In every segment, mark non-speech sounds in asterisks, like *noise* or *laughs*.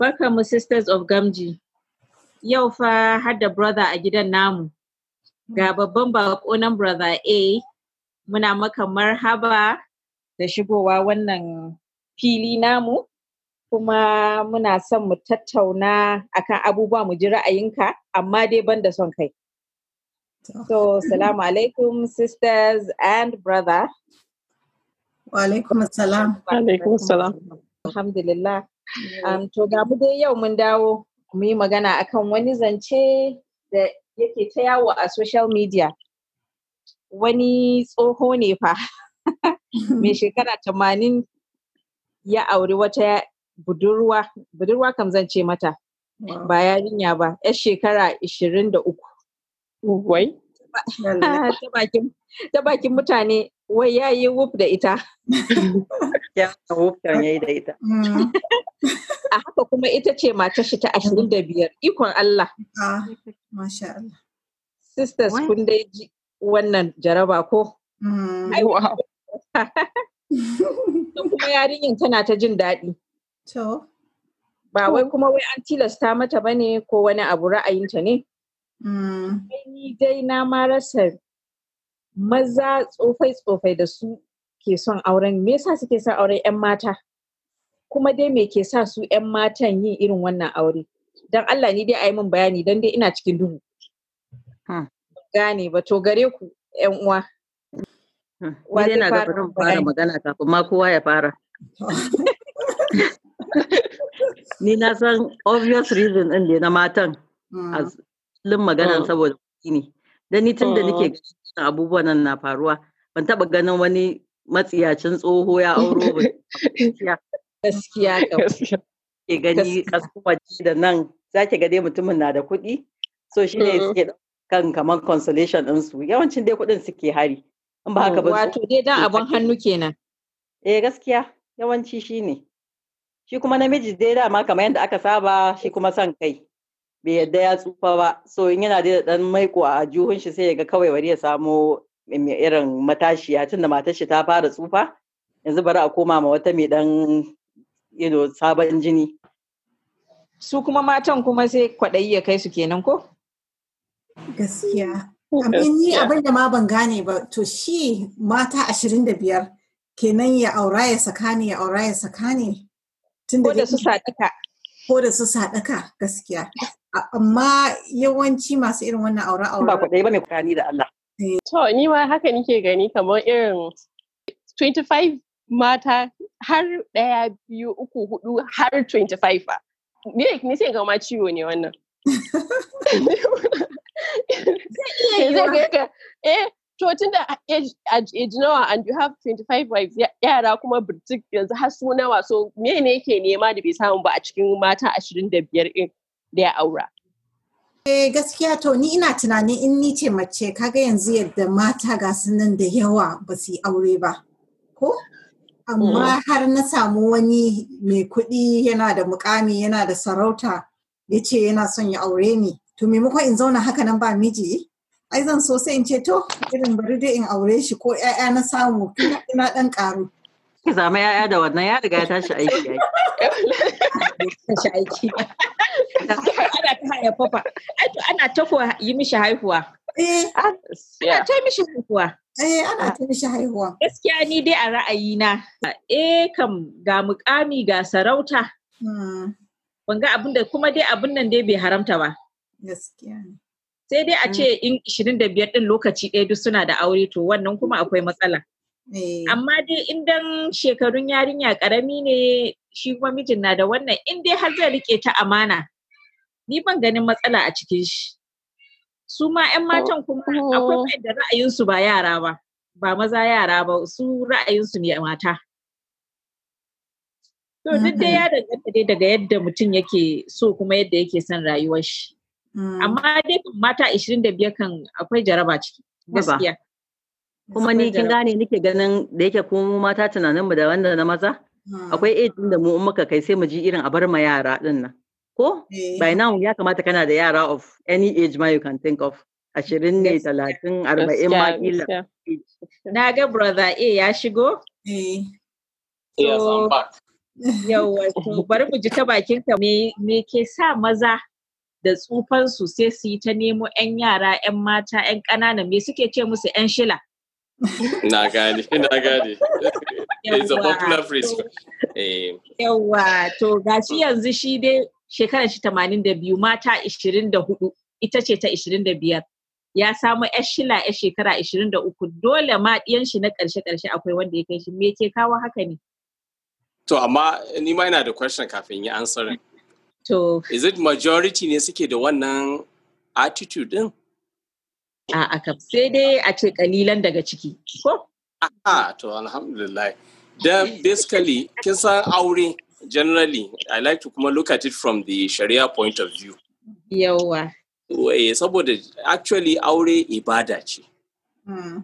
Barka mu Sisters of Gamji. Yau fa har da brother a gidan namu. Ga mm. babban bako nan brother A muna maka marhaba da shigowa wannan fili namu kuma muna son mu tattauna akan abubuwa mu ji ra'ayinka amma dai ban da son kai. So, salamu alaikum sisters and brother. Wa alaikum salam. Alaikum salam. Alhamdulillah. Eh. to ga mu dai yau mun dawo mu yi magana akan wani zance da yake ta yawo a social media wani tsoho ne fa *laughs* mai shekara tamanin ya auri wata budurwa budurwa kam zan ce mata ba yarinya ba yar shekara ishirin da uku wai *laughs* ta bakin mutane wai ya yi wuf da ita *laughs* ya yi mm. *laughs* A haka kuma ita ce matar shi ta ashirin da biyar ikon Allah. Ah, masha Allah. Sisters kun dai ji wannan jaraba ko? Mm. *laughs* kuma yarinyar tana ta jin daɗi. Ba wai kuma wai an tilasta mata ba ne ko wani abu ra'ayinta ne? Mm. Ni dai na ma rasa maza tsofai-tsofai da su ke son auren me yasa suke son auren 'yan mata kuma dai me ke sa su 'yan matan yin irin wannan aure don Allah ni dai a yi min bayani don dai ina cikin duhu gane ba to gare ku 'yan uwa wa dai na gabarin fara magana kafin ma kowa ya fara *laughs* ni na san obvious reason din ne na matan hmm. a lin maganan hmm. saboda ni dan ni tun da nake hmm. abubuwan nan na faruwa ban taba ganin wani matsiyacin tsoho ya auro *laughs* gaskiya ke gani kasu waje da nan za ki dai mutumin na da kuɗi so shi ne suke kan kamar consolation ɗinsu yawancin dai kuɗin suke hari in ba haka ba wato dai dan abin hannu kenan eh gaskiya yawanci shi ne shi kuma namiji dai dama kamar yadda aka saba shi kuma son kai bai yadda ya tsufa ba so in yana da dan maiko a juhun shi sai ya ga kawai wari ya samo irin matashiya tun da matashi ta fara tsufa yanzu bari a koma ma wata mai dan ido sabon jini su kuma matan kuma sai kwaɗayi ya kai su kenan ko gaskiya abin ni abin da ma ban gane ba to shi mata ashirin da biyar kenan ya aura ya sakani ya aura ya sakani tun da su sadaka ko da su sadaka gaskiya amma yawanci masu irin wannan aura-aura. ba kwaɗayi ba mai kwani da Allah To, ni ma haka nike gani kamar irin 25 mata har ɗaya biyu uku hudu har 25 a. Ni sai ga ma ciwo ne wannan. Eh, to tun da age nawa and you have 25 wives yara kuma birtik yanzu har su nawa so ne ke nema da bai samu ba a cikin mata 25 in da ya aura. Eh gaskiya to ni ina tunanin in ni ce mace kaga yanzu yadda mata ga sunan da yawa ba su yi aure ba. Ko? Amma mm. har na samu wani mai kuɗi yana da mukami yana da sarauta ya ce yana son ya aure ni. To maimakon in zauna haka nan ba miji? Ai zan so sai in ce to irin bari dai in aure shi ko 'ya'ya na samu Ina ɗan ƙaru. Ki zama 'ya'ya da wannan ya riga ya tashi aiki. *laughs* *laughs* ana ta haihuwa gaskiya ni dai a ra'ayina eh kam ga mukami ga sarauta hmm. ban ga abin da kuma dai abin nan dai bai haramta ba sai dai a hmm. ce in 25 ɗin lokaci ɗaya duk suna da aure to wannan kuma akwai matsala Eh. Amma dai in shekarun yarinya karami ne shi kuma mijin na da wannan in dai har zai rike ta amana ni ban ganin matsala a cikin shi. Su ma 'yan matan kuma akwai oh. da ra'ayinsu ba yara ba, ba maza yara ba su ra'ayinsu ne mata. To duk dai ya danganta dai daga yadda mutum yake so kuma yadda yake son rayuwar shi. Mm. Amma dai mata 25 kan akwai jaraba ciki gaskiya. kuma ni kin gane nake ganin da yake ko mu mata tunanin mu da wanda na maza ah. akwai age da mu muka kai sai mu ji irin a bar ma yara din nan ko eh. by now ya kamata kana da yara of any age ma you can think of ashirin ne talatin arba'in ma kila na ga brother a ya shigo eh. yawwa to bari mu ji ta bakin ka me ke sa maza da tsufansu sai su yi ta nemo 'yan yara 'yan mata 'yan ƙanana me suke ce musu 'yan shila na gane na gani. it's a popular phrase eh. yawa to gashi yanzu shi dai shekarar shi 82 mata 24 ita ce ta 25 ya samu yar shila yar shekara 23 dole ma ɗiyan shi na ƙarshe ƙarshe akwai wanda ya kai shi me ke kawo haka ne to amma ni ma yana da question kafin yi ansarin. to is it majority ne suke da wannan attitude din A'a kaf sai dai a ce kalilan daga ciki. Ko? A'a to alhamdulillah. Then basically kin san aure generally I like to kuma look at it from the Sharia point of view. Yawa. saboda actually aure ibada ce. Hmm.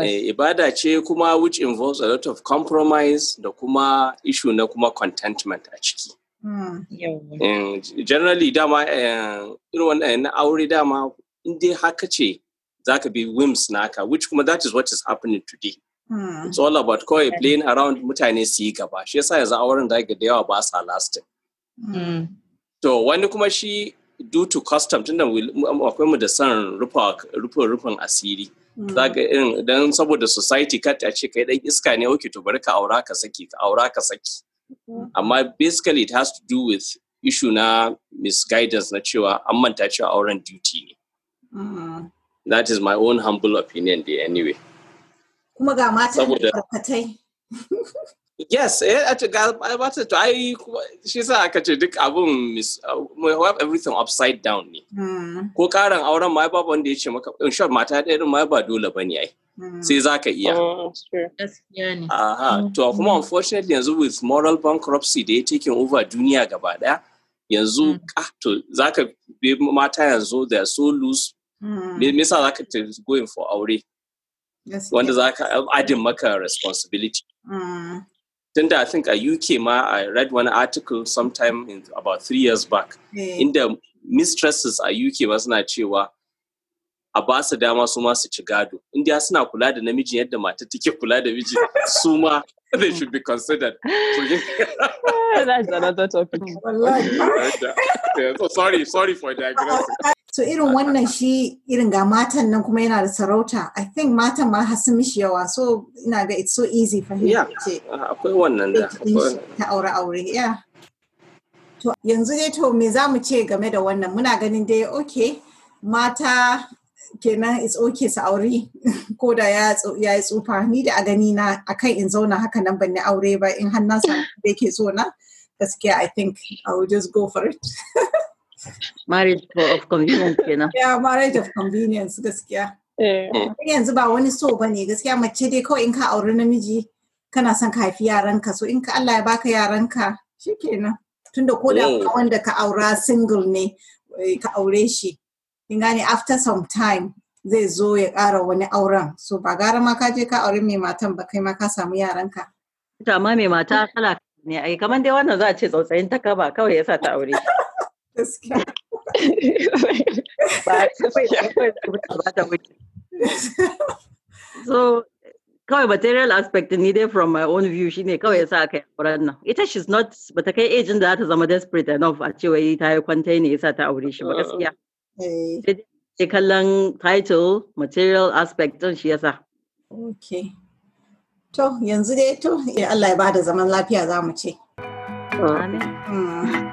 Eh, ibada ce kuma which involves a lot of compromise da kuma issue na kuma contentment a ciki. Hmm. Eh, generally dama eh, irin wannan aure dama in dai haka ce zaka bi whims naka which kuma that is what is happening today mm. it's all about kawai okay. playing around mutane su yi gaba shi yasa yanzu auren da ga da yawa ba sa lasting hmm. Hmm. to wani kuma shi due to custom tunda akwai mu da san rufin rufin asiri hmm. za irin dan saboda society kat a ce kai dan iska ne okay to bari ka aura ka saki ka aura ka saki amma basically it has to do with issue na misguidance na cewa an manta cewa auren duty ne that is my own humble opinion dai anyway kuma ga matan da barkatai yes eh, to ai shi sa aka ce duk abun uh, we have everything upside down ne hmm. ko karin auren ma babu wanda ya ce maka in short mata ɗaya din ma ba dole ba bane ai hmm. sai za ka iya oh, aha hmm. to kuma unfortunately yanzu with moral bankruptcy da ya taking over duniya gaba daya yanzu ah, to za ka mata yanzu they are so loose Hmm. me yasa is going for does I za ka make a responsibility hmm. tunda I think a UK ma I read one article sometime in, about three years back eh. In the mistresses a UK wasn't cewa a ba su dama su ma su ci gado inda suna kula da namiji yadda mata take kula da miji su ma *laughs* they should be considered so, *laughs* that's another topic *laughs* so sorry sorry for that. so irin wannan shi irin ga matan nan kuma yana da sarauta i think matan ma har sun mishi yawa so ina ga it's so easy for him yeah. akwai wannan da ta aure aure to yanzu dai to me za mu ce game da wannan muna ganin dai okay mata kenan it's okay su aure *laughs* ko da ya yi tsufa ni da a gani na akan in zauna haka nan ban ni aure ba in har na da yake so na gaskiya i think i will just go for it *laughs* marriage of convenience kenan *laughs* ya marriage of convenience gaskiya eh. yanzu ba wani so ba ne gaskiya mace dai kawai in ka auri namiji kana son ka haifi yaranka so in ka Allah ya baka yaranka shikenan tunda ko da eh. wanda ka aura single ne eh, ka aure shi in gane after some time zai zo ya ƙara wani auren so ba gara ma ka je ka aure mai matan ba kai ma ka samu yaranka ita ma mai mata kala ne ai kamar dai wannan za a ce tsautsayin ta kawai yasa ta aure *laughs* *laughs* so kawai material aspect ni dai from my own view shine kawai yasa aka yi auren nan ita she's not ta kai age da za ta zama desperate enough a cewa yi ta yi kwantai ne yasa ta aure shi ba gaskiya eh. sai kallon title material aspect din shi yasa okay to yanzu dai to Allah ya bada zaman lafiya za mu ce amen hmm.